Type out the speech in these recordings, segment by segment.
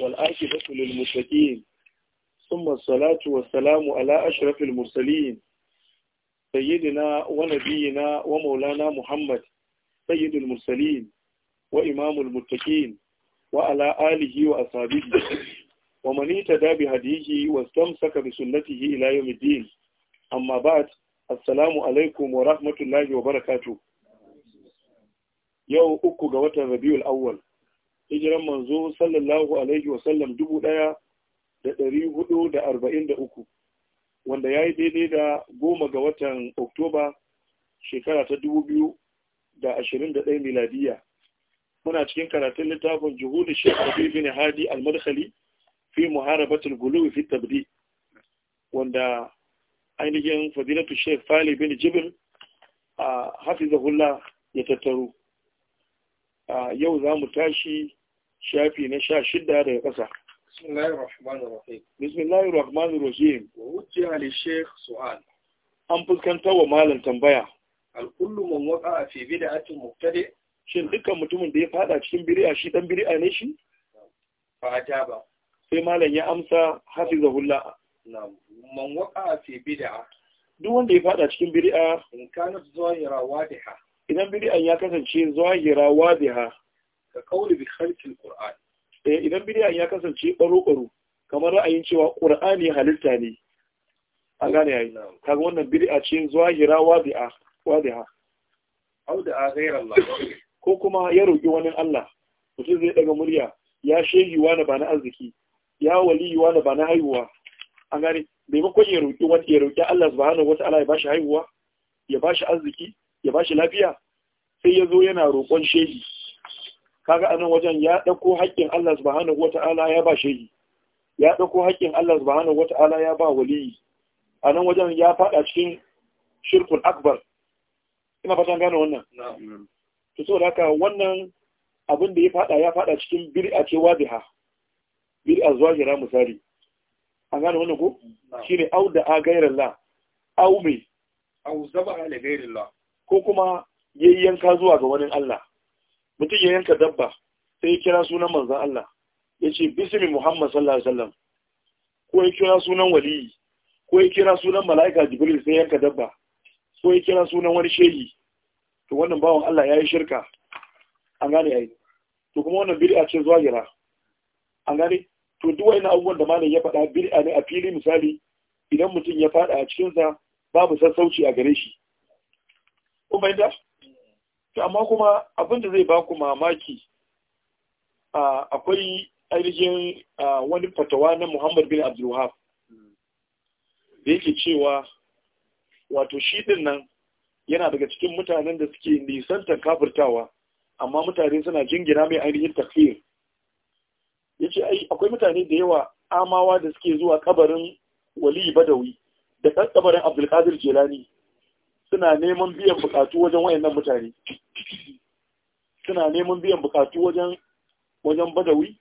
والآكبة للمتقين ثم الصلاة والسلام على أشرف المرسلين سيدنا ونبينا ومولانا محمد سيد المرسلين وإمام المتقين وعلى آله وأصحابه ومن اهتدى بهديه واستمسك بسنته إلى يوم الدين أما بعد السلام عليكم ورحمة الله وبركاته yau uku ga watan rabiul awwal hijiran manzo sallallahu alaihi wasallam dubu ɗaya da ɗari hudu da arba'in da uku wanda ya yi daidai da goma ga watan oktoba shekara ta dubu biyu da ashirin da ɗaya miladiya muna cikin karatun littafin juhudu shekaru bin hadi al fi muharabatul gulu fi tabdi wanda ainihin fadilatu shek fali bin jibir a hafizahullah ya tattaro yau za mu tashi shafi na sha shida daga ƙasa bismillahir rahmanir rahim wujja li sheikh su'al an fuskanta wa malam tambaya al-kullu man a fi bid'atin mubtadi shin dukkan mutumin da ya fada cikin bid'a shi dan bid'a ne shi fa ba. sai malam ya amsa hafi hafizahullah na'am man waqa'a fi bid'a duk wanda ya fada cikin bid'a in kanat zahira wadiha idan bid'an ya kasance zahira wadiha ka kauli bi khalqil qur'an eh idan bidiyan ya kasance baro baro kamar ra'ayin cewa qur'ani halitta ne an gane yayi kaga wannan bidiya ce zahira wadi'a wadiha au da ghayr Allah ko kuma ya roki wani Allah mutum zai daga murya ya shehi wani ba na arziki ya wali wani ba na haihuwa an gane maimakon ya roki wani ya roki Allah subhanahu ta'ala ya bashi haihuwa ya bashi arziki ya bashi lafiya sai ya zo yana roƙon shehi kaga anan wajen ya dauko haƙƙin Allah subhanahu wata'ala ya ba shehi ya dauko haƙƙin Allah subhanahu wata'ala ya ba wali anan wajen ya fada cikin shirkul akbar ina fatan gane wannan to saboda haka wannan abin da ya fada ya fada cikin bir'a ce wadiha bir'a zuwa misali an gane wannan ko shine au da a gairar la au me au zaba ala gairar la ko kuma yayyanka zuwa ga wani Allah mutum ya yanka dabba sai ya kira sunan manzan Allah ya ce bismi Muhammad sallallahu alaihi wasallam ko ya kira sunan waliyi ko ya kira sunan mala'ika Jibril sai yanka dabba ko ya kira sunan wani shehi to wannan bawan Allah ya yi shirka an gane ai to kuma wannan bid'a ce zuwa gira an gane to duk wani abubuwan da malam ya faɗa bid'a ne a fili misali idan mutum ya faɗa a cikin sa babu sassauci a gare shi kun fahimta to amma kuma abin da zai baku mamaki akwai ainihin wani fatawa na Muhammad bin Abdulwahab da yake cewa wato shi din nan yana daga cikin mutanen da suke nisantar kafirtawa amma mutane suna jingina mai ainihin tafiyar ya ce akwai mutane da yawa amawa da suke zuwa kabarin wali badawi da kabarin abdulkadir jelani suna neman biyan bukatu wajen wayannan mutane suna neman biyan bukatu wajen wajen badawi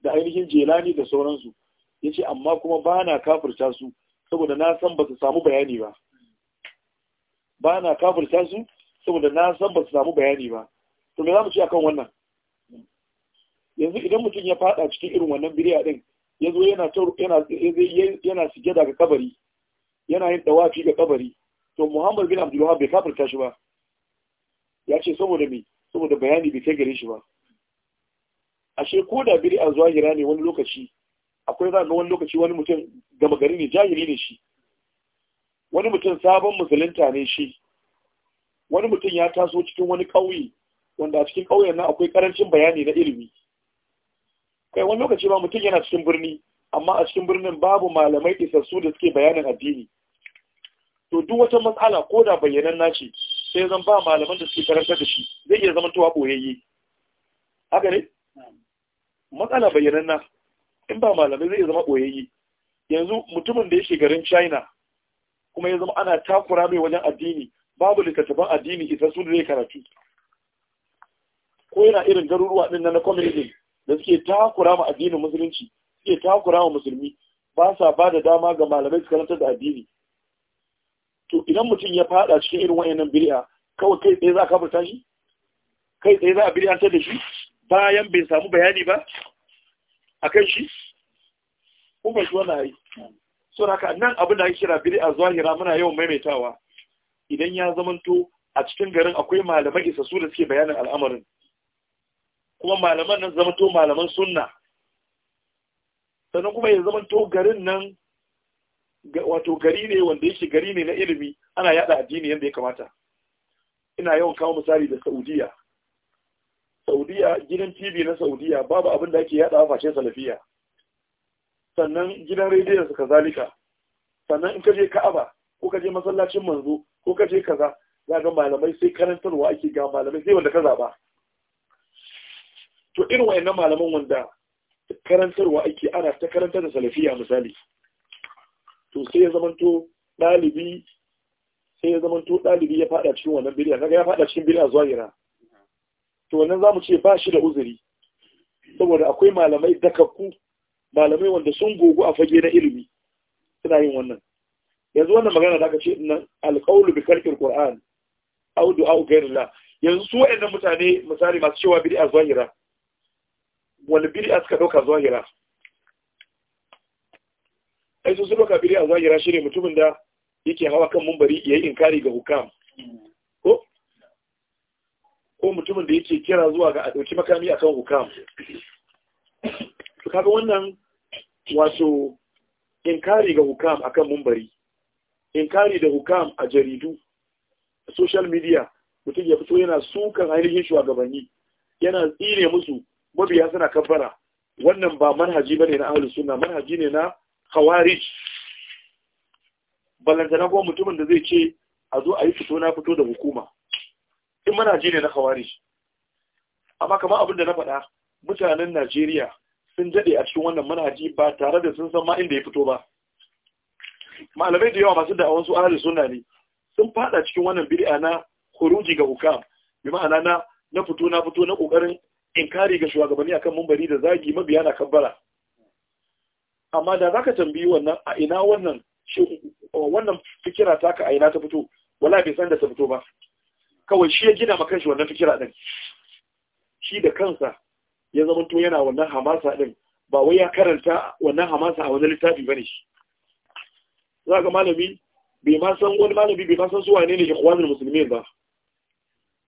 da ainihin jelani da sauransu yace amma kuma ba na kafirta su saboda na san ba su samu bayani ba ba na kafirta su saboda na san ba su samu bayani ba to me za mu ci akan wannan yanzu idan mutum ya fada cikin irin wannan biriya din yazo yana yana yana sige ga kabari yana yin dawafi ga kabari to Muhammad bin Abdul bai kafirta shi ba ya ce saboda me saboda bayani bai kai gare shi ba ashe ko da biri a zahira ne wani lokaci akwai za ga wani lokaci wani mutum gama gari ne jahili ne shi wani mutum sabon musulunta ne shi wani mutum ya taso cikin wani ƙauye wanda a cikin ƙauyen nan akwai ƙarancin bayani na ilimi kai wani lokaci ba mutum yana cikin birni amma a cikin birnin babu malamai isassu da suke bayanin addini to duk wata matsala ko da bayyanan ce, sai zan ba malaman da suke karanta da shi zai iya zama tuwa boyayye haka ne matsala bayyanan na in ba malamai zai zama boyayye yanzu mutumin da yake garin China kuma ya zama ana takura mai wajen addini babu littattafan addini isa su zai karatu ko yana irin garuruwa din na communism da suke takura ma addinin musulunci suke takura ma musulmi ba sa ba da dama ga malamai su karanta da addini to idan mutum ya fada cikin irin wayannan bid'a kawai kai tsaye za a kafa shi kai tsaye za a bid'antar da shi bayan bai samu bayani ba akan shi kuma shi wannan yi so haka nan abin da ake kira bid'a zahira muna yawan maimaitawa idan ya zamanto a cikin garin akwai malaman su da suke bayanin al'amarin kuma malaman nan zamanto malaman sunna sannan kuma ya zamanto garin nan wato gari ne wanda yake gari ne na ilimi ana yada addini yadda ya kamata ina yawan kawo misali da saudiya saudiya gidan tv na saudiya babu abin da ake yada fashe salafiya sannan gidan rediyon su kazalika sannan in kaje ka'aba ko kaje masallacin manzo ko kaje kaza za ga malamai sai karantarwa ake ga malamai sai wanda ka zaba to irin wayannan malaman wanda karantarwa ake ana ta karantar da salafiya misali to sai ya zamanto ɗalibi sai ya zamanto ɗalibi ya faɗa cikin wannan bid'a kaga ya faɗa cikin zuwa yara to wannan zamu ce ba shi da uzuri saboda akwai malamai dakakku malamai wanda sun gogu a fage na ilimi suna yin wannan yanzu wannan magana da aka ce nan alqaulu bi karqil qur'an aw du'a ghairillah yanzu su wa'annan mutane misali masu cewa bid'a zahira wani bid'a suka ɗauka zahira ai sun suka kafiri a zagira shi ne mutumin da yake hawa kan mumbari yayi inkari ga hukam ko ko mutumin da yake kira zuwa ga a dauki makami akan hukam to kaga wannan wato inkari ga hukam akan mumbari inkari da hukam a jaridu a social media mutum ya fito yana sukan ainihin shugabanni yana tsire musu mabiya suna kafara wannan ba manhaji ne na ahlus sunna manhaji ne na khawarij ballantana kuma mutumin da zai ce a zo a yi fito na fito da hukuma in ji ne na kawarij amma kamar abin da na faɗa mutanen Najeriya sun daɗe a cikin wannan manaji ba tare da sun san ma inda ya fito ba malamai da yawa masu da wasu ahli sunna ne sun fada cikin wannan bid'a na khuruji ga hukam bi ma'ana na na fito na fito na kokarin inkari ga shugabanni akan mumbari da zagi mabiya na kabbara amma da zaka tambayi wannan a ina wannan wannan fikira ka a ina ta fito wala bai san da ta fito ba kawai shi ya gina ma kanshi wannan fikira din shi da kansa ya zama to yana wannan hamasa din ba wai ya karanta wannan hamasa a wani littafi bane shi za ga malami bai ma san wani malami bai ma san su wane ne ikhwanul musulmi ba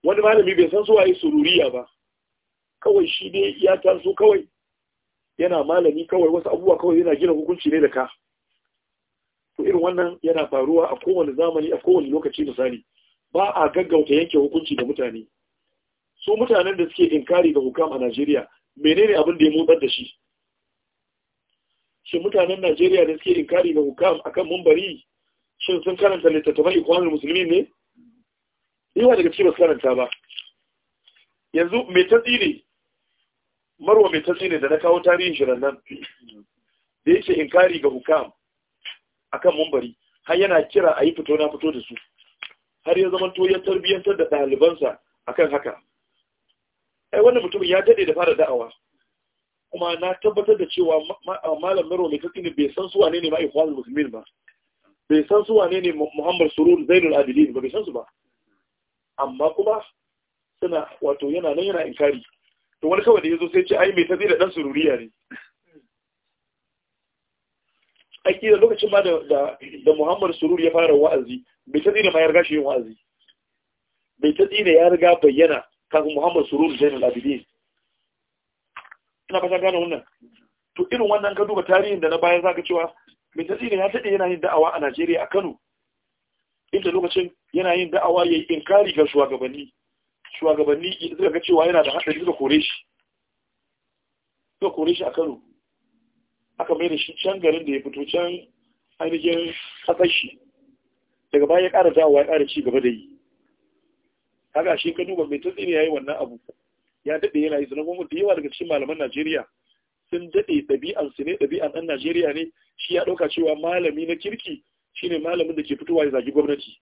wani malami bai san su waye sururiya ba kawai shi ne ya taso kawai yana malami kawai wasu abubuwa kawai yana gina hukunci ne da ka to irin wannan yana faruwa a kowane zamani a kowane lokaci misali ba a gaggauta yanke hukunci da mutane su mutanen da suke inkari ga hukam a Najeriya menene abin da ya motsar da shi shin mutanen Najeriya da suke inkari ga hukam akan mumbari shin sun karanta littattafan ikwamin musulmi ne yawa daga cikin karanta ba yanzu mai tatsi ne marwa mai tatsi ne da na kawo tarihin shirin nan da yake inkari ga hukam akan mumbari har yana kira a yi fito na fito da su har ya zama to ya tarbiyyantar da ɗalibansa akan haka ai wannan mutumin ya daɗe da fara da'awa kuma na tabbatar da cewa malam marwa mai tatsi ne bai san su wane ne ma Musulmin ba bai san su wane ne muhammad surur zainul adilin ba bai san su ba amma kuma suna wato yana nan yana inkari to wani kawai da ya zo sai ce ai mai zai da ɗan sururiya ne a kira lokacin ma da Muhammadu sururi ya fara wa'azi mai tazi da ma ya riga shi yin wa'azi mai tazi da ya riga bayyana kafin sururi zai zainal abidin ina fata gane wannan to irin wannan ka duba tarihin da na bayan zaka cewa mai tazi da ya taɗe yana yin da'awa a najeriya a kano inda lokacin yana yin da'awa ya yi inkari ga shugabanni shugabanni suka ga cewa yana da haɗari suka kore shi suka kore shi a kano aka mai da shi can garin da ya fito can ainihin kasar daga baya ya ƙara dawowa ya ƙara ci gaba da yi haka shi ka duba mai tsini ya yi wannan abu ya daɗe yana yi sanar kuma da yawa daga cikin malaman najeriya sun daɗe su ne ɗabi'an ɗan najeriya ne shi ya ɗauka cewa malami na kirki shine malamin da ke fitowa ya zagi gwamnati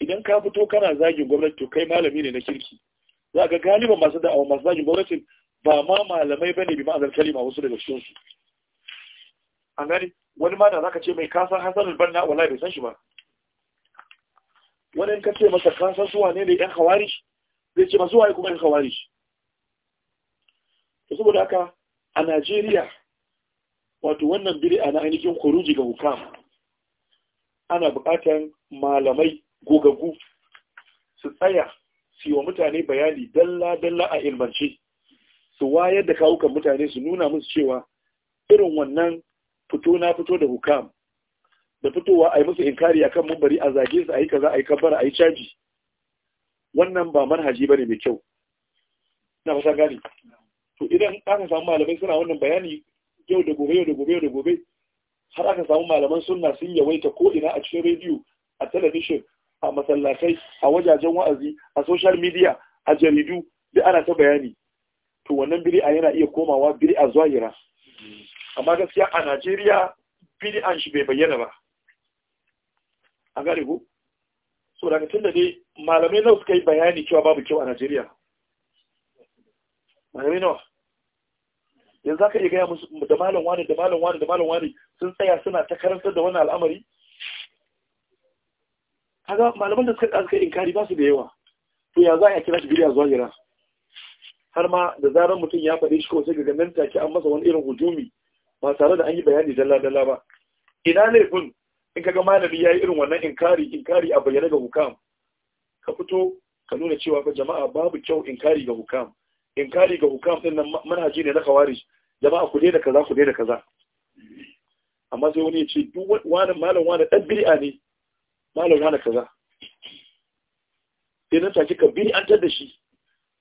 idan ka fito kana zagin gwamnati to kai malami ne na kirki za ga galiban masu da'awa masu zagin gwamnati ba ma malamai bane bi ma'azar kalima wasu daga cikin su an gani wani ma da zaka ce mai kasan hasan albanna Wala wallahi bai san shi ba wani in ka ce masa kasan suwa ne da yan hawari zai ce masu waye kuma yan hawari to saboda haka a Najeriya wato wannan bid'a na ainihin kuruji ga hukam ana bukatan malamai gogaggu su tsaya su wa mutane bayani dalla-dalla a ilmance su wayar da kawukan mutane su nuna musu cewa irin wannan fito na fito da hukam da fitowa a yi musu inkari a kan mumbari a zage su a yi kaza a yi kabara a yi caji wannan ba manhaji ba ne mai kyau na fasa gani to idan aka samu malamai suna wannan bayani yau da gobe yau da gobe yau da gobe har aka samu malaman sunna sun yawaita ko ina a cikin rediyo a talabishin a masallatai a wajajen wa'azi a social media a jaridu da ana ta bayani to wannan bid'a yana iya komawa bid'a zahira amma gaskiya a Najeriya bid'an shi bai bayyana ba A gane ko so daga tunda dai malamai nawa suka yi bayani cewa babu kyau a Najeriya malamai nawa yanzu aka iya gaya musu da malam wani da malam wani da malam wani sun tsaya suna ta karantar da wani al'amari kaga malaman da suka ɗaska inkari ba su da yawa to ya za a kira shi zuwa zahira har ma da zarar mutum ya faɗi shi ko sai ga nan take an masa wani irin hujumi ba tare da an yi bayani dalla dalla ba ina ne kun? in kaga malami yayi irin wannan inkari inkari a bayyana ga hukam ka fito ka nuna cewa ga jama'a babu kyau inkari ga hukam inkari ga hukam din nan manhaji ne na kawari jama'a ku daina kaza ku daina kaza amma sai wani ya ce duk wani malam wani dan bid'a ne malam wani kaza sai nan take ka bid'antar da shi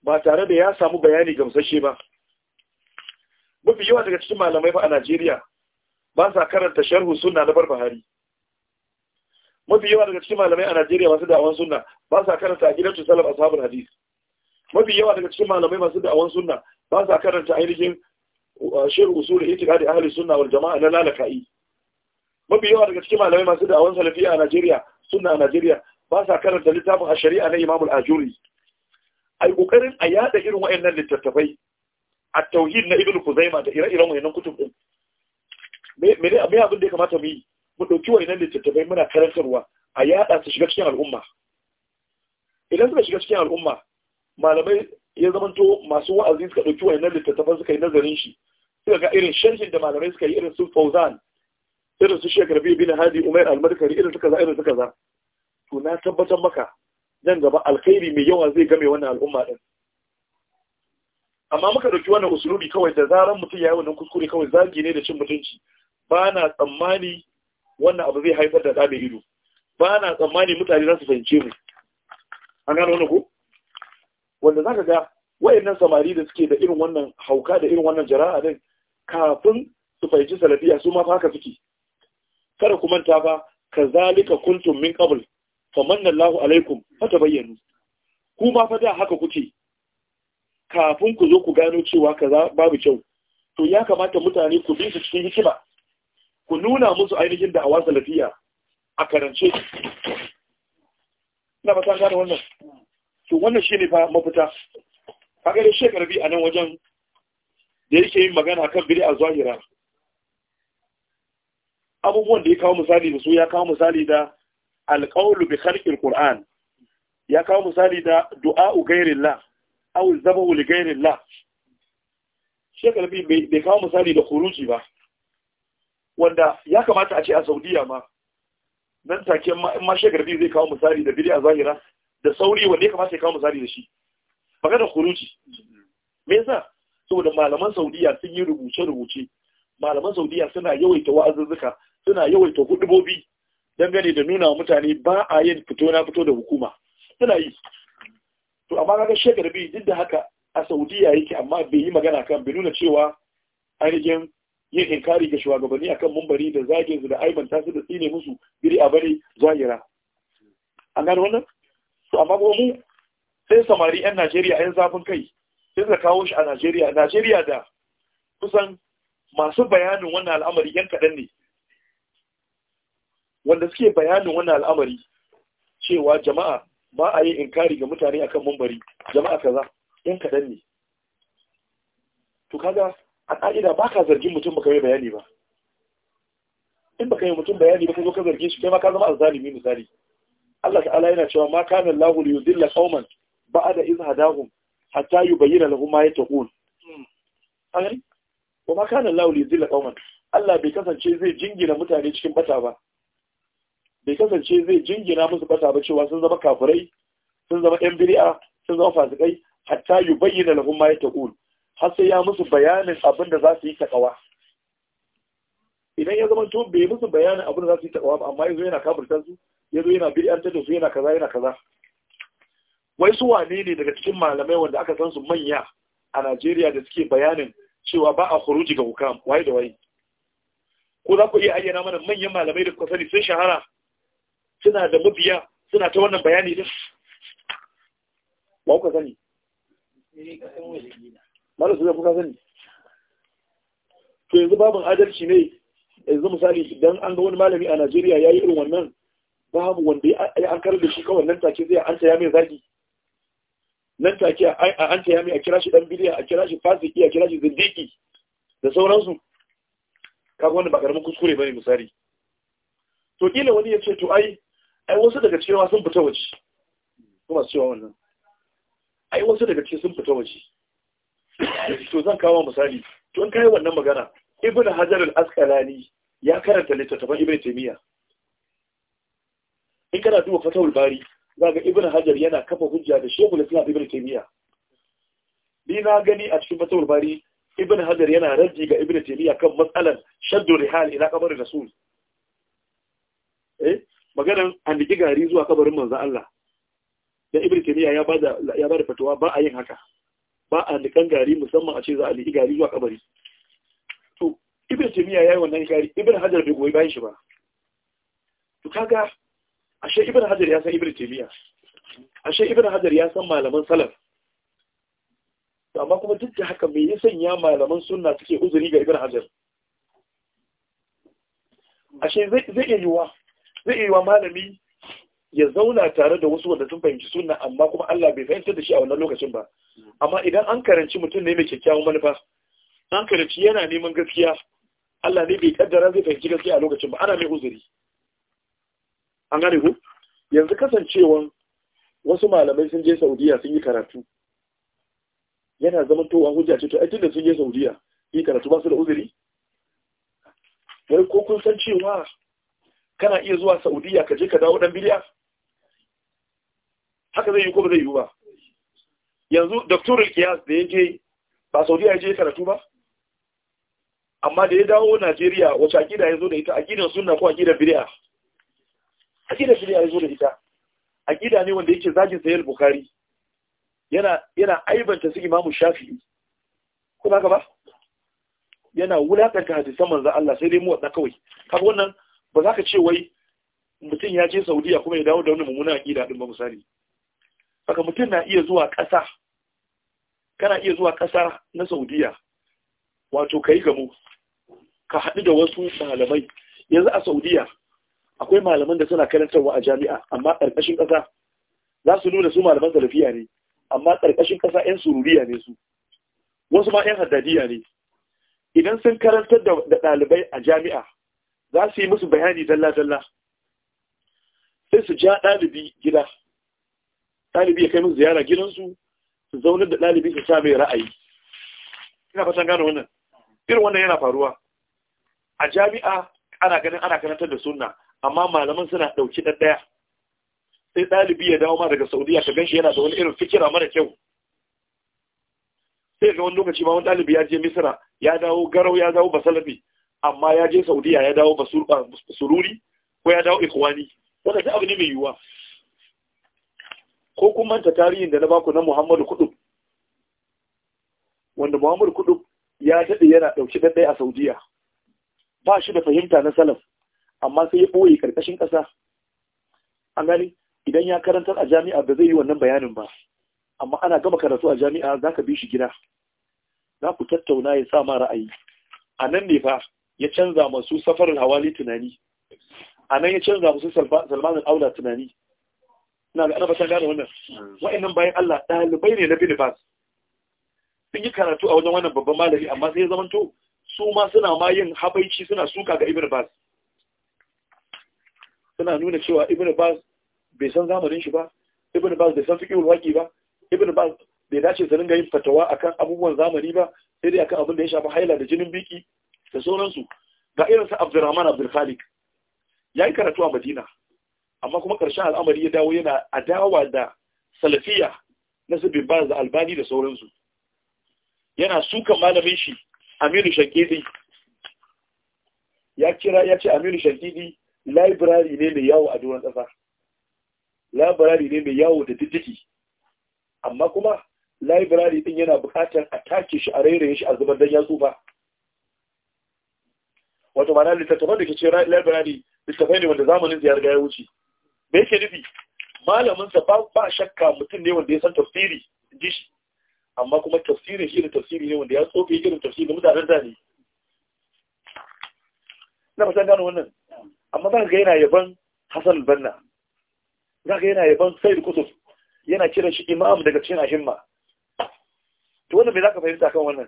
ba tare da ya samu bayani gamsashe ba mafi yawa daga cikin malamai ba a Najeriya ba sa karanta sharhu sunna na bar bahari mafi yawa daga cikin malamai a Najeriya masu da'awan sunna ba sa karanta aqidatu salaf ashabul hadis mafi yawa daga cikin malamai masu da'awan sunna ba sa karanta ainihin uh, shehu usul itiqadi ahli sunna wal jama'a na lalaka'i mafi yawa daga cikin malamai masu da'awan salafiya a Najeriya sunna a Najeriya ba sa karanta littafin a shari'a na Imam al-Ajuri ai kokarin a yada irin wayannan littattafai a tauhid na Ibn Kuzaima da ire-iren wayannan kutub din me me abin da ya kamata mu yi mu dauki wayannan littattafai muna karantarwa a yada su shiga cikin al'umma idan suka shiga cikin al'umma malamai ya zamanto masu wa'azi suka dauki wayannan littattafan suka yi nazarin shi suka ga irin sharhin da malamai suka yi irin su Fauzan irin su shekar biyu bin hadi umar almarkari irin su kaza irin su kaza to na tabbatar maka nan gaba alkhairi mai yawa zai game wannan al'umma din amma muka dauki wannan usulubi kawai da zaran mutum ya yi wannan kuskure kawai zagi ne da cin mutunci ba na tsammani wannan abu zai haifar da ɗa ido ba na tsammani mutane za su fahimce mu an gano wani ku wanda za ka ga wayannan samari da suke da irin wannan hauka da irin wannan jara'a din kafin su fahimci salafiya su ma fa haka suke kada ku manta ba kazalika kuntum min qabl manna, Allahu alaikum tabayyanu ku ma fa da haka kuke kafin ku zo ku gano cewa kaza babu kyau to ya kamata mutane ku bi su cikin hikima ku nuna musu ainihin da awasa lafiya a karance ina ba san gane wannan to wannan shine fa mafita kaga da shekarbi a nan wajen da yake yin magana kan bid'a zahira abubuwan da ya kawo misali da su ya kawo misali da alƙawlu bi khalqil qur'an ya kawo misali da du'a'u ghairillah aw zabahu li La. shekar bi bai kawo misali da khuruji ba wanda ya kamata a ce a Saudiya ma nan take ma shekar bi zai kawo misali da bid'a zahira da sauri wanda ya kamata ya kawo misali da shi baka da khuruji me yasa saboda malaman Saudiya sun yi rubuce-rubuce malaman Saudiya suna yawaita wa'azuzzuka suna yawaita hudubobi dangane da nuna mutane ba a yin fito na fito da hukuma suna yi to amma ga shekaru biyu, duk da haka a Saudiya yake amma bai yi magana kan bai nuna cewa ainihin yin inkari ga shugabanni akan mumbari da zagin su da aiban su da tsine musu biri a bari zahira an gano wannan to amma ko mu sai samari yan Najeriya yan zafin kai sai ka kawo shi a Najeriya Najeriya da kusan masu bayanin wannan al'amari yan kaɗan ne wanda suke bayanin wannan al'amari cewa jama'a ba a yi inkari ga mutane akan mumbari jama'a kaza yan kadan ne to kaga a ka'ida ba ka zargin mutum baka yi bayani ba in baka yi mutum bayani ba ka zo ka zarge shi kai ma ka zama azzalimi misali Allah ta'ala yana cewa ma kana Allahu li yudilla qauman ba'da iz hadahum hatta yubayyana lahum ma yataqul an wa ma kana Allahu li yudilla qauman Allah bai kasance zai jingina mutane cikin bata ba bai kasance zai jingina musu bata ba cewa sun zama kafirai sun zama yan biri'a sun zama fasikai hatta yi bayyana lahum ma yataqul har sai ya musu bayanin abin da za su yi ta ƙawa. idan ya zama to bai musu bayanin abin da za su yi ƙawa ba amma yazo yana kafirtar su yazo yana ta da su yana kaza yana kaza wai su wane ne daga cikin malamai wanda aka san su manya a Najeriya da suke bayanin cewa ba a khuruji ga hukam waye da waye ko za ku iya ayyana mana manyan malamai da kuka sani sun shahara suna da mabiya suna ta wannan bayani din ba kuka sani mara su da kuka sani to yanzu babin adalci ne yanzu misali idan an ga wani malami a Najeriya ya yi irin wannan babu wanda ya an karar da shi kawai nan take zai an taya mai zagi nan take a an taya mai a kira shi dan bidiya a kira shi fasiki a kira shi zindiki da sauransu kaga wani ba karamin kuskure bane misali to kila wani ya ce to ai ai wasu daga cewa sun fita waje kuma su cewa wannan ai wasu daga cewa sun fita waje to zan kawo misali to in kai wannan magana ibnu hajar al-asqalani ya karanta littattafan ibnu taymiya in kana duba fatawul bari zaka ibnu hajar yana kafa hujja da al islam ibnu taymiya ni na gani a cikin fatawul bari ibnu hajar yana raji ga ibnu taymiya kan matsalan shaddu rihal ila qabr rasul eh maganan an diki gari zuwa kabarin Manzo Allah da ibn taymiya ya bada ya bada fatawa ba a yin haka ba a nikan gari musamman a ce za a diki gari zuwa kabari to ibn taymiya yayi wannan gari ibn hajar bai goyi bayan shi ba to kaga ashe ibn hajar ya san ibn taymiya ashe ibn hajar ya san malaman salaf to amma kuma duk da haka me ya sanya malaman sunna suke uzuri ga ibn hajar ashe zai iya yiwuwa zai yi wa malami ya zauna tare da wasu wanda sun fahimci suna, amma kuma Allah bai fahimtar da shi a wannan lokacin ba amma idan an karanci mutum ne mai kyakkyawan manufa an karanci yana neman gaskiya Allah ne bai kaddara zai fahimci gaskiya a lokacin ba ana mai uzuri an gane ku yanzu kasancewan wasu malamai sun je Saudiya sun yi karatu yana zamantowa hujja ce to ai tunda sun je Saudiya yi karatu ba su da uzuri wai ko kun san cewa kana iya zuwa saudiya ka je ka dawo dan biliya haka zai yi ko ba zai yi ba yanzu doctor kiyas da ya ba saudiya ya je karatu ba amma da ya dawo najeriya wace akida ya zo da ita akidan sunna ko akida biliya akida biliya ya zo da ita akida ne wanda yake zagin sayar Bukhari. yana yana aibanta su imamu shafi'i kuna ka ba yana wulakanta hadisan manzo Allah sai dai mu wadda kawai kaga wannan ba za ka ce wai mutum ya je saudiya kuma ya dawo da wani a ƙida ɗin ba misali haka mutum na iya zuwa ƙasa kana iya zuwa ƙasa na saudiya wato ka yi gamo ka haɗu da wasu malamai yanzu a saudiya akwai malaman da suna karantarwa a jami'a amma ƙarƙashin ƙasa za su nuna su malaman salafiya ne amma ƙarƙashin ƙasa 'yan sururiya ne su wasu ma 'yan haddadiya ne idan sun karantar da ɗalibai a jami'a za su yi musu bayani dalla-dalla sai su ja ɗalibi gida ɗalibi ya kai musu ziyara gidansu su zaunar da ɗalibi su sa mai ra'ayi ina fatan gano wannan irin wannan yana faruwa a jami'a ana ganin ana karantar da sunna amma malaman suna ɗauki ɗan ɗaya sai ɗalibi ya dawo ma daga saudiya ka ganshi yana da wani irin fikira mara kyau sai ga wani lokaci ma wani ɗalibi ya je misira ya dawo garau ya dawo basalabi amma ya je saudiya ya dawo basururi, ah, ko ya dawo ikhwani wanda sai abu ne mai yiwuwa ko kun manta tarihin da na baku na muhammadu Kudu wanda muhammadu Kudu ya daɗe yana ɗauki ɗaɗɗai a saudiya ba shi da fahimta na salaf amma sai ya ɓoye ƙarƙashin ƙasa an gani idan ya karantar a jami'a ba zai yi wannan bayanin ba amma ana gama karatu a jami'a za ka bi shi gida za ku tattauna ya sa ma ra'ayi a nan ne fa ya canza masu safarar hawali tunani a nan ya canza masu salmanin aula tunani na ga ana gane wannan wa'annan bayan Allah ɗalibai ne na Bilibas sun yi karatu a wajen wannan babban malami amma sai ya zamanto su ma suna ma yin habaici suna suka ga Ibn Bas suna nuna cewa Ibn Bas bai san zamanin shi ba Ibn Bas bai san fiƙi waqi ba Ibn Bas bai dace su ringa yin fatawa akan abubuwan zamani ba sai dai akan abin da ya shafi haila da jinin biki da sauransu ga irin sa Abdurrahman Abdul Khalik yayi karatu a Madina amma kuma ƙarshen al'amari ya dawo yana adawa da salafiya na su bin da Albani da sauransu yana suka malamin shi Aminu Shakidi ya kira ya ce Aminu Shakidi library ne mai yawo a doron ƙasa library ne mai yawo da diddiki amma kuma library din yana bukatar a take shi a rairaye shi a zubar dan ya tsufa wato ma'ana littattafa da ke ce labirari littattafai ne wanda zamanin ziyar ga ya wuce me yake nufi malamin sa ba ba shakka mutum ne wanda ya san tafsiri ji shi amma kuma tafsirin shi da tafsiri ne wanda ya tsofe irin tafsiri mutanen da ne na fasan gano wannan amma za ga yana yaban Hassan Banna za ga yana yaban da Kusuf. yana kiran shi imam daga cikin ahimma to wannan me ka fahimta kan wannan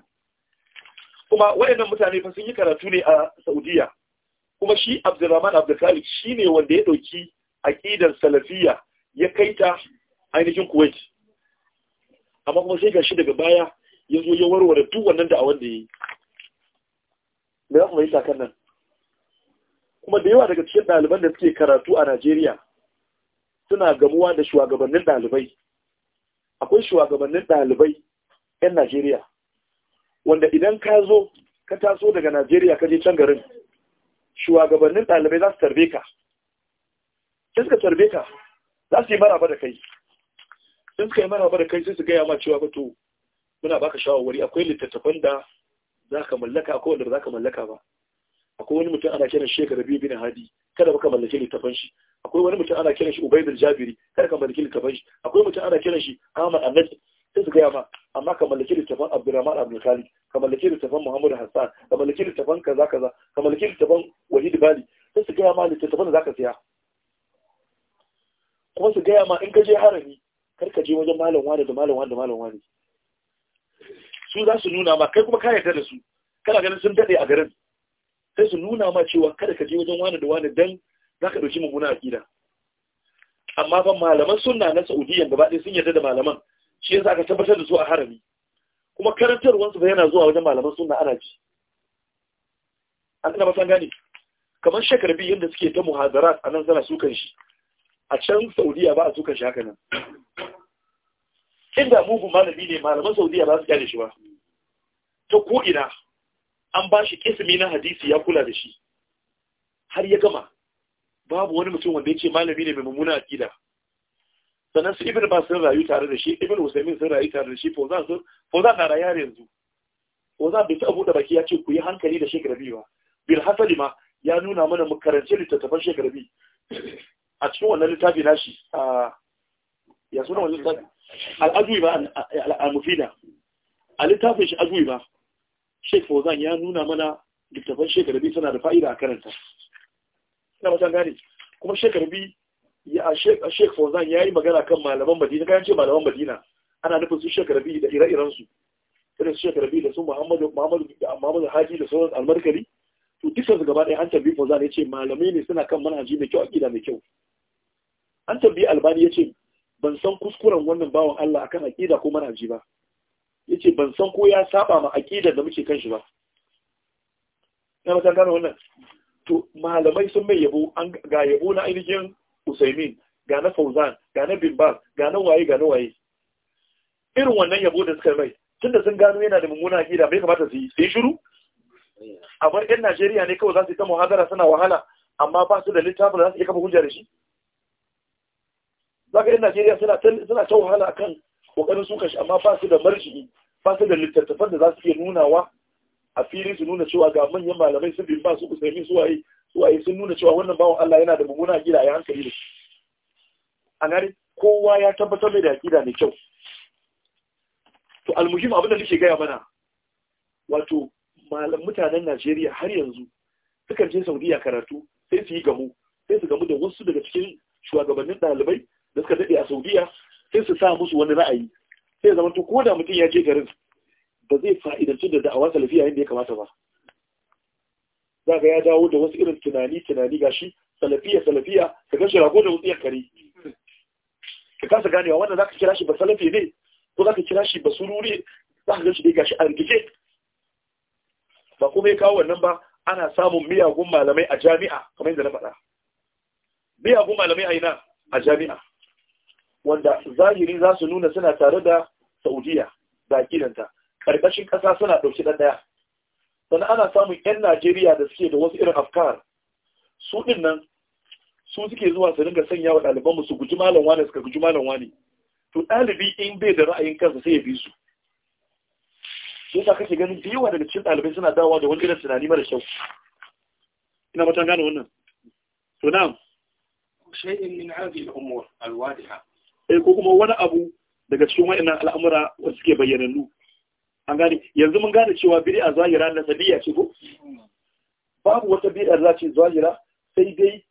kuma waɗannan mutane fa sun yi karatu ne a Saudiya kuma shi Abdulrahman Abdulkhali shi ne wanda ya ɗauki aƙidar salafiya ya kai ta ainihin Kuwait amma kuma sai shi daga baya ya zo ya warware duk wannan da a wanda ya yi da za mu yi takan nan kuma da yawa daga cikin ɗaliban da suke karatu a Najeriya suna gamuwa da shugabannin ɗalibai akwai shugabannin ɗalibai 'yan Najeriya wanda idan ka zo ka taso daga Najeriya ka je can garin shugabannin ɗalibai za su tarbe ka sai suka tarbe ka za su yi maraba da kai sai suka yi maraba da kai sai su gaya ma cewa ba to muna baka shawarwari akwai littattafan da za ka mallaka akwai wanda ba za ka mallaka ba akwai wani mutum ana kiran shekara biyu bin hadi kada ba ka mallake littattafan shi akwai wani mutum ana kiran shi ubaidul jabiri kada ka mallake littattafan shi akwai mutum ana kiran shi ahmad annabi sai su gaya ma amma ka mallaki littafin abdurrahman abdulkhali ka mallaki littafan muhammad hassan ka mallaki littafan kaza kaza ka mallaki littafan wahid bali sai su gaya ma littafan da zaka siya kuma su gaya ma in ka je harami kar ka je wajen malam wani da malam wani da malam wani su za su nuna ma kai kuma ka yarda da su kana ganin sun dade a garin sai su nuna ma cewa kada ka je wajen wani da wani dan za ka ɗauki mummuna aƙida amma ban malaman sunna na saudiyya gaba ɗaya sun yarda da malaman shi yasa aka tabbatar da su a harami kuma karantarwansu ba yana zuwa wajen malaman suna ana ji an ina masan gani kamar biyu yadda suke ta muhazara a nan zana sukan shi a can saudiya ba a sukan shi haka nan inda mugun malami ne malaman saudiya ba su gane shi ba ta ko'ina an ba shi kismi na hadisi ya kula da shi har ya gama babu wani mutum wanda ya ce malami ne mai mummuna aƙida. sannan su ibn ba sun rayu tare da shi ibn usaimin sun rayu tare da shi fozan sun fozan na rayar yanzu fozan bai taɓa buɗe baki ya ce ku yi hankali da shekarabi ba bil hasali ma ya nuna mana mu karance littattafan shekarabi a cikin wannan littafi shi a ya suna wannan littafi al'ajui ba al'amufida a littafin shi ajui ba shek fozan ya nuna mana littattafan shekarabi suna da fa'ida a karanta ina mutan gane kuma shekarabi ya Sheikh Fauzan ya yi magana kan malaman Madina kayan ce malaman Madina ana nufin su Sheikh Rabi da ire-iren su irin su Sheikh Rabi da su Muhammadu Muhammadu da Haji da sauran almarkari to duka su gaba ɗaya an tambayi Fauzan ya ce malamai ne suna kan manhaji mai kyau aqida mai kyau an tambayi Albani ya ce ban san kuskuren wannan bawan Allah akan aqida ko manhaji ba Ya ce ban san ko ya saba ma aqidar da muke kan shi ba ya ba gano wannan to malamai sun mai yabo ga yabo na ainihin usaimin ga na fauzan ga na bimbas ga na waye ga na waye irin wannan yabo da suka mai tunda sun gano yana da mummuna gida bai kamata su yi su yi shiru a bar yan najeriya ne kawai za su yi ta muhazara suna wahala amma ba su da littafin za su yi kafa hujja da shi za ka yan najeriya suna ta wahala a kan ƙoƙarin suka shi amma ba su da marji'i ba su da littattafan da za su iya nunawa a fili su nuna cewa ga manyan malamai su Bimba, su usaimin su waye suwaye sun nuna cewa wannan bawan Allah yana da mummuna a ya hankali da shi a gari kowa ya tabbatar da akida mai kyau to almuhim abin da nake gaya mana wato malam mutanen Najeriya har yanzu sukan je Saudiya karatu sai su yi gamu sai su gamu da wasu daga cikin shugabannin ɗalibai da suka daɗe a Saudiya sai su sa musu wani ra'ayi sai zama to ko da mutum ya je garin ba zai fa'idanci da da'awa salafiya yadda ya kamata ba za ka ya dawo da wasu irin tunani tunani gashi salafiya salafiya ka gan shi rago da wutsiyar kare ka kasa ganewa wanda za ka kira shi ba salafi ne ko za ka kira shi ba sururi za ka shi dai gashi a rikice ba kuma ya kawo wannan ba ana samun miyagun malamai a jami'a kamar yadda na faɗa miyagun malamai a ina a jami'a wanda zahiri za su nuna suna tare da saudiya da akidanta ƙarƙashin ƙasa suna ɗauki ɗan ɗaya sannan ana samun 'yan najeriya da suke da wasu irin afkar su ɗin nan su suke zuwa su dinga sanya wa ɗalibanmu su guji malam wani suka guji malam wani to ɗalibi in bai da ra'ayin kansa sai ya bi su sai sa kake ganin da yawa daga cikin ɗalibai suna dawowa da wani irin tunani mara kyau ina mutan gane wannan to na'am shay'in min hadhihi al-umur al-wadiha eh ko kuma wani abu daga cikin wa'annan al'amura wanda suke bayyanannu an gane yanzu mun gane cewa bid'a zahira na sabiya ce ko babu wata bid'a za ce zahira sai dai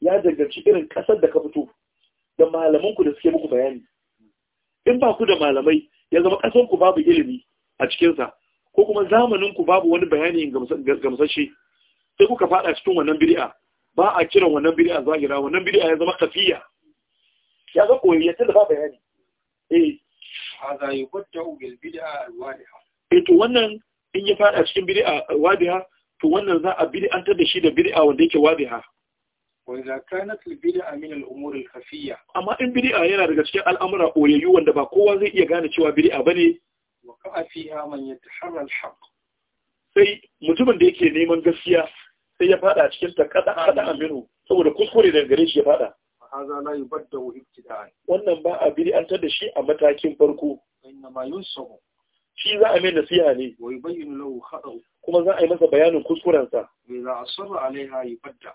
ya danganci irin kasar da ka fito da malaman ku da suke muku bayani in ba ku da malamai ya zama kasan ku babu ilimi a cikin sa ko kuma zamanin ku babu wani bayani gamsashe sai kuka fada cikin wannan bid'a ba a kiran wannan bid'a zahira wannan bid'a ya zama kafiya ya ga koyi ya ba bayani eh hadha yubadda'u bil bid'a al-wadiha eh to wannan in ya fada cikin bid'a wadiha to wannan za a bid'antar da shi da bid'a wanda yake wadiha wa idza kanat al-bid'a min al-umur al-khafiyya amma in bid'a yana daga cikin al'amura oyayyu wanda ba kowa zai iya gane cewa bid'a bane wa ka'a fiha man yataharra al-haqq sai mutumin da yake neman gaskiya sai ya fada cikin ta kada kada aminu saboda kuskure daga gare shi ya fada haza la yubaddu ibtida'an wannan ba a biri an da shi a matakin farko inna ma shi za a mai nasiha ne wa yubayyinu lahu khatahu kuma za a yi masa bayanin kuskuren sa idza asarra alaiha yubadda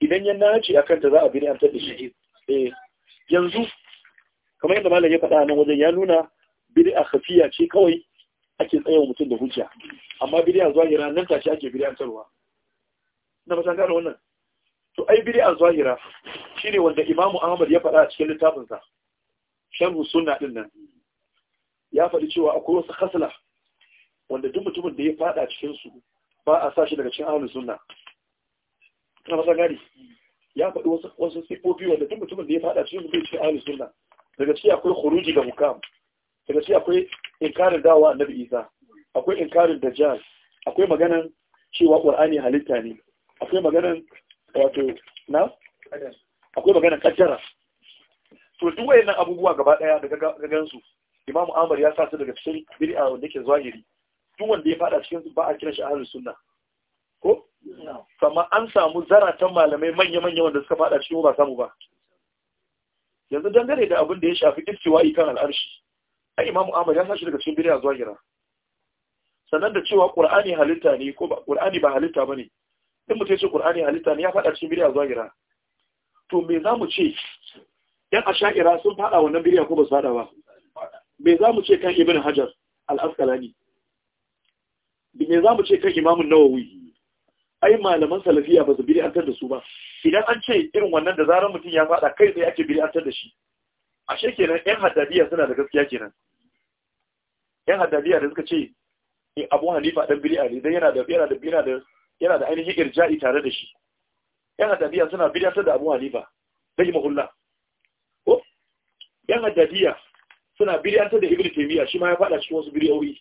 idan ya nace akan ta za a biri an da shi eh yanzu kamar yadda malam ya faɗa nan wajen ya nuna biri a khafiya ce kawai ake tsayawa mutum da hujja amma biri bid'a zahira nan tashi ake biri an tarwa. na fatan gane wannan to ai biri a zahira shine wanda Imam Ahmad ya faɗa a cikin littafinsa shan suna sunna nan ya faɗi cewa akwai wasu hasla wanda duk mutumin da ya faɗa cikin su ba a sashi daga cikin ahlus suna. kana masa gari ya faɗi wasu wasu sifofi wanda duk mutumin da ya faɗa cikin su bai cikin ahlus suna. daga ciki akwai kuruji ga mukam daga ciki akwai inkarin dawa Nabi Isa akwai inkarin dajjal akwai maganan cewa ƙwarani halitta ne akwai maganan wato na akwai maganar kaddara to duk wayannan abubuwa gaba daya da gagan su Imam Ahmad ya sa su daga cikin bid'a wanda yake zahiri duk wanda ya fada cikin ba a kira shi ahlus sunna ko kuma an samu zaratan malamai manya manya wanda suka fada cikin ba samu ba yanzu dangane da abin da ya shafi iftiwa'i kan al'arshi ai Imam Ahmad ya sa shi daga cikin bid'a zahira sannan da cewa Qur'ani halitta ne ko Qur'ani ba halitta bane in mutum ya ce Qur'ani halitta ne ya fada cikin bid'a zahira to me za mu ce yan asha'ira sun fada wannan biriya ko ba su fada ba me za mu ce kan ibn hajar al-asqalani me za mu ce kan imamun nawawi ai malaman salafiya ba su bid'antar da su ba idan an ce irin wannan da zarar mutum ya fada kai tsaye ake bid'antar da shi ashe kenan yan haddadiya suna da gaskiya kenan yan haddadiya da suka ce eh, abu hanifa dan biri ne dan yana da yana da yana da yana da ainihin irja'i tare da shi yan adabiya suna ta da abu hanifa da imahullah ko yan adabiya suna ta da ibnu taymiya shi ma ya fada cikin wasu bidiyoyi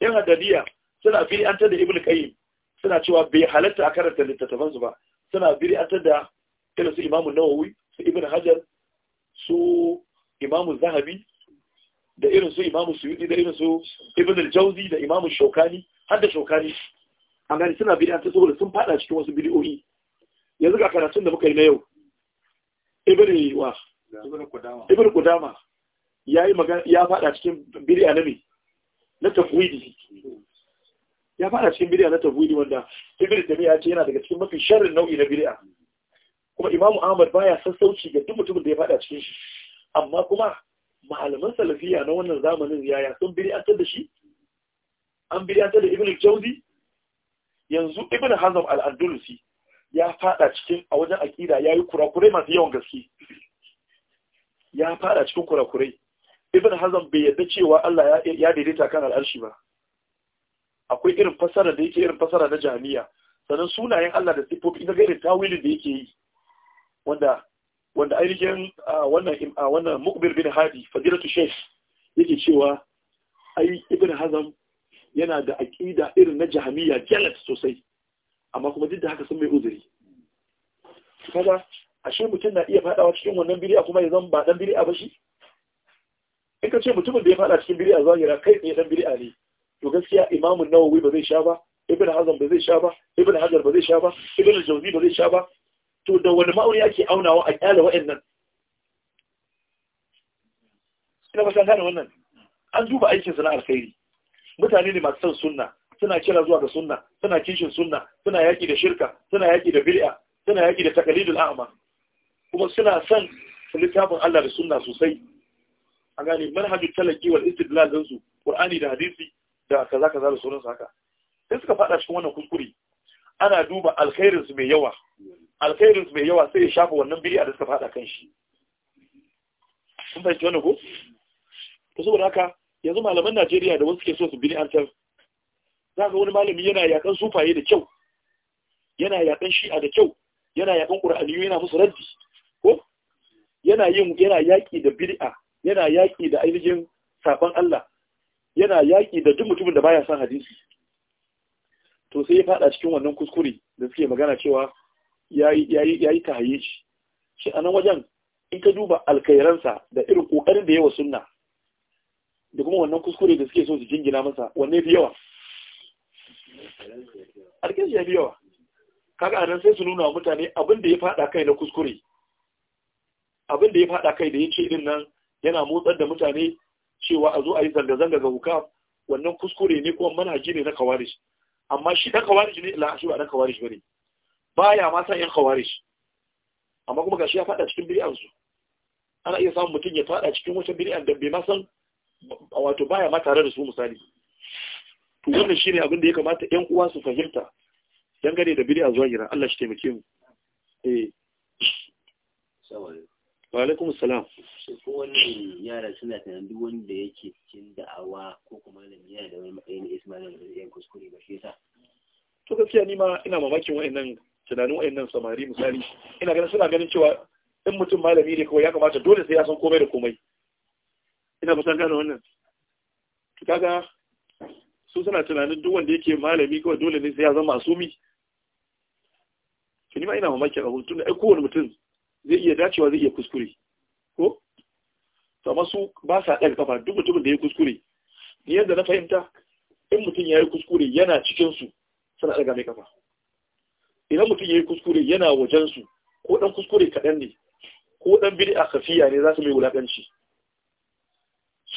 yan adabiya suna ta da ibnu qayyim suna cewa bai halatta a karanta littattafan su ba suna ta da irin su imamu nawawi su ibnu hajar su imamu zahabi da irin su imamu suyudi da irin su ibnu al-jawzi da imamu shaukani har da shaukani an gani suna bidiyar ta saboda sun fada cikin wasu bidiyoyi yanzu ga karatun da muka yi na yau ibn wa ibn qudama magana ya fada cikin bidiyar na me na tafwidi ya fada cikin bidiyar na tafwidi wanda ibn ya ce yana daga cikin mafi sharrin nau'i na bidiyar kuma imamu ahmad baya sassauci ga duk mutumin da ya fada cikin shi amma kuma malaman salafiya na wannan zamanin yaya sun ta da shi an ta da ibn jawzi yanzu ibn hazm al-andalusi ya fada cikin a wajen akida yayi kurakurai masu yawan gaske ya fada cikin kurakurai ibn hazm bai yadda cewa Allah ya daidaita kan al-arshi ba akwai irin fasara da yake irin fasara na jami'a sannan sunayen Allah da sifofi ga irin tawilin da yake yi wanda wanda ainihin wannan wannan mukbir bin hadi fadilatu shaykh yake cewa ai ibn hazm yana da aƙida irin na jahamiya jalat sosai amma kuma duk da haka sun mai uzuri kaga ashe mutum na iya fadawa cikin wannan biri'a kuma ya zama ba dan biri'a ba shi in ka ce mutumin da ya fada cikin bid'a zahira kai tsaye dan biri'a ne to gaskiya imamun nawawi ba zai sha ba ibn hazan ba zai sha ba ibn hajar ba zai sha ba ibn jawzi ba zai sha ba to da wani ma'auni ake aunawa a kyale wa'annan ina ba san gane wannan an duba aikin sana'ar khairi mutane ne masu son sunna suna kira zuwa ga sunna suna kishin sunna suna yaki da shirka suna yaki da bid'a suna yaki da taqlidul a'ma kuma suna son littafin Allah da sunna sosai a gane manhajul talaqi wal istidlal din su qur'ani da hadisi da kaza kaza da sunan haka sai suka fada cikin wannan kuskure ana duba alkhairin su mai yawa alkhairin su mai yawa sai ya shafa wannan bid'a da suka fada kan shi kun fahimci wannan ko to saboda haka yanzu malaman Najeriya da wasu ke so su bili'antar za ga wani malami yana yakan sufaye da kyau yana yakan shi'a da kyau yana yakan ƙur'aniyu yana musu raddi ko yana yin yana yaƙi da bid'a yana yaƙi da ainihin saban Allah yana yaƙi da duk mutumin da baya son hadisi to sai ya fada cikin wannan kuskure da suke magana cewa yayi yayi tahayyi shi anan wajen in ka duba alkairansa da irin kokarin da yawa sunna da kuma wannan kuskure da suke so su jingina masa wanne fi yawa alƙinsu ya fi yawa kaga anan sai su nuna wa mutane abin da ya faɗa kai na kuskure abin da ya faɗa kai da ya ce irin nan yana motsar da mutane cewa a zo a yi zanga-zanga ga hukam wannan kuskure ne kuma ji ne na kawarish amma shi ɗan kawarish ne ila shi ba ɗan kawarish ba ne baya ma san yan kawarish amma kuma gashi ya faɗa cikin su ana iya samun mutum ya faɗa cikin wata biri'an da bai ma san wato baya ma tare da su misali to wannan shine abin da ya kamata ƴan uwa su fahimta dangane da bid'a zuwa gira Allah shi taimake mu eh wa alaikum salam ko wannan yara suna tunanin duk wanda yake cikin da'awa ko kuma malami yana da wani matsayi na ismail da yan kuskure ba shi yasa to gaskiya ni ma ina mamakin wa'annan tunanin wa'annan samari misali ina ganin suna ganin cewa in mutum malami ne kawai ya kamata dole sai ya san komai da komai ina ba san gane wannan kaga su suna tunanin duk wanda yake malami kawai dole ne sai ya zama asumi kini ma ina mamakin abu tun ai kowane mutum zai iya dacewa zai iya kuskure ko to amma su ba sa ɗaga kafa duk mutumin da ya kuskure ni yadda na fahimta in mutum ya yi kuskure yana cikin su suna ɗaga mai kafa idan mutum ya yi kuskure yana wajen su ko ɗan kuskure kaɗan ne ko ɗan bid'a kafiya ne za su mai wulaƙanci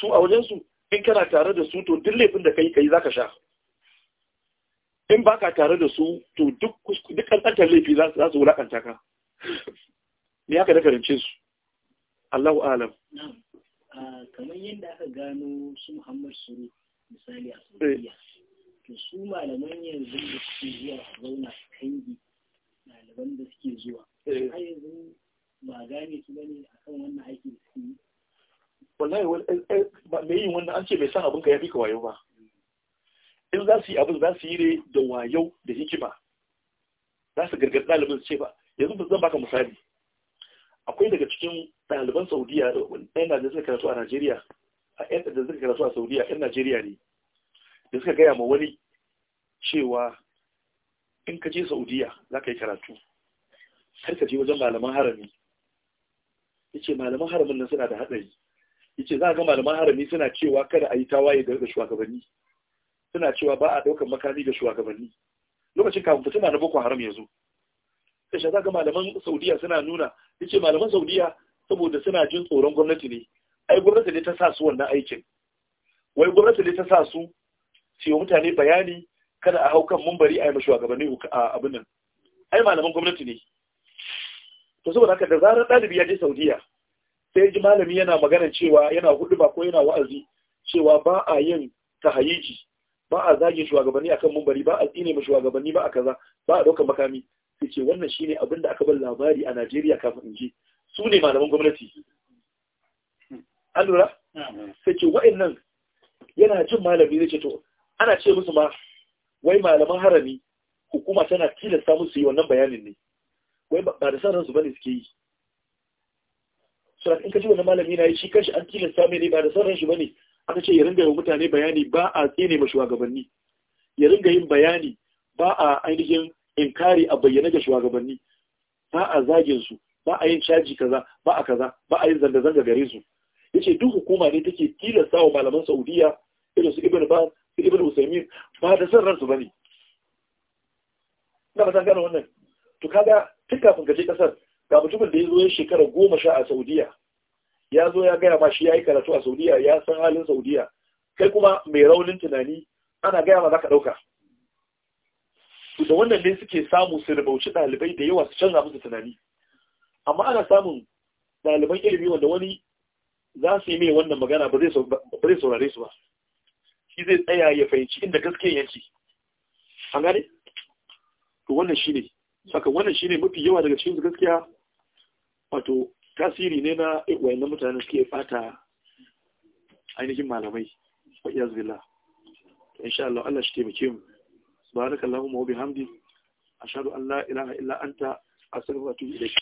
su a wajensu in kana tare da su to duk laifin da kai kai ka sha in baka tare da su to duk duk kankantar laifi za su wulaƙanta ka ne aka da karance su Allahu alam ah, kamar yadda aka gano su Muhammad Suru misali a eh. Saudiya to su malaman yanzu da suke zuwa zauna a kangi malaman da suke zuwa eh. har yanzu ba gane su bane akan wannan aiki da suke yi wallahi eh, eh, mai yin wannan an ce mai san abinka ya fi kawayo ba in za su yi abin za su yi ne da wayo da hikima za su gargar ɗalibin su ce ba yanzu ba zan baka misali akwai daga cikin ɗaliban saudiya ɗan da suka karatu a najeriya a ɗan da suka karatu a saudiya ɗan najeriya ne da suka gaya ma wani cewa in ka je saudiya za ka yi karatu sai ka je wajen malaman harami ya ce malaman haramin nan suna da haɗari yace za a ga malaman harami suna cewa kada a yi tawaye da shugabanni suna cewa ba a ɗaukar makami da shugabanni lokacin kafin fitina na boko haram yanzu. sai za ga malaman saudiya suna nuna yace malaman saudiya saboda suna jin tsoron gwamnati ne ai gwamnati ne ta sa su wannan aikin wai gwamnati ne ta sa su su yi mutane bayani kada a hau kan mumbari a yi mashi shugabanni a abin nan ai malaman gwamnati ne to saboda haka da zarar ɗalibi ya je saudiya sai ji malami yana magana cewa yana hudu ba ko yana wa'azi cewa ba a yin tahayiji ba a zagin shugabanni akan mumbari ba a tsine ma shugabanni ba a kaza ba a daukar makami sai ce wannan shine ne abinda aka bar labari a Najeriya kafin in je su ne malaman gwamnati an lura sai ce wa'annan yana jin malami zai ce to ana ce musu ma wai malaman harami hukuma tana tilasta musu yi wannan bayanin ne wai ba da san ransu ne suke yi sai in ka ji wani malami na yi shi kanshi an tilasta mai ne ba da sauran shi ba ne. aka ce ya ringa yi mutane bayani ba a tsene ma shugabanni ya ringa yin bayani ba a ainihin inkari a bayyana ga shugabanni ba a zagin su ba a yin caji kaza ba a kaza ba a yin zanga-zanga gare su Ya ce duk hukuma ne take tilasta wa malaman Saudiya irin su Ibn su Ibn usaimin ba da san ransu ne ina ba gano wannan to kaga tun kafin ka je kasar ga mutumin da ya zo ya shekara goma sha a saudiya ya zo ya gaya ma shi ya yi karatu a saudiya ya san halin saudiya kai kuma mai raunin tunani ana gaya ma za ka ɗauka da wannan ne suke samu su rubauci ɗalibai da yawa su canza musu tunani amma ana samun ɗaliban ilimi wanda wani za su yi mai wannan magana ba zai saurare su ba shi zai tsaya ya fahimci inda gaske yake an gane to wannan shine saka wannan shine mafi yawa daga cikin gaskiya wato tasiri ne na wayannan mutane suke fata ainihin malamai wa iyaz billah insha Allah Allah shi taimake mu subhanakallahumma wa bihamdi ashhadu an la ilaha illa anta astaghfiruka wa atubu ilayk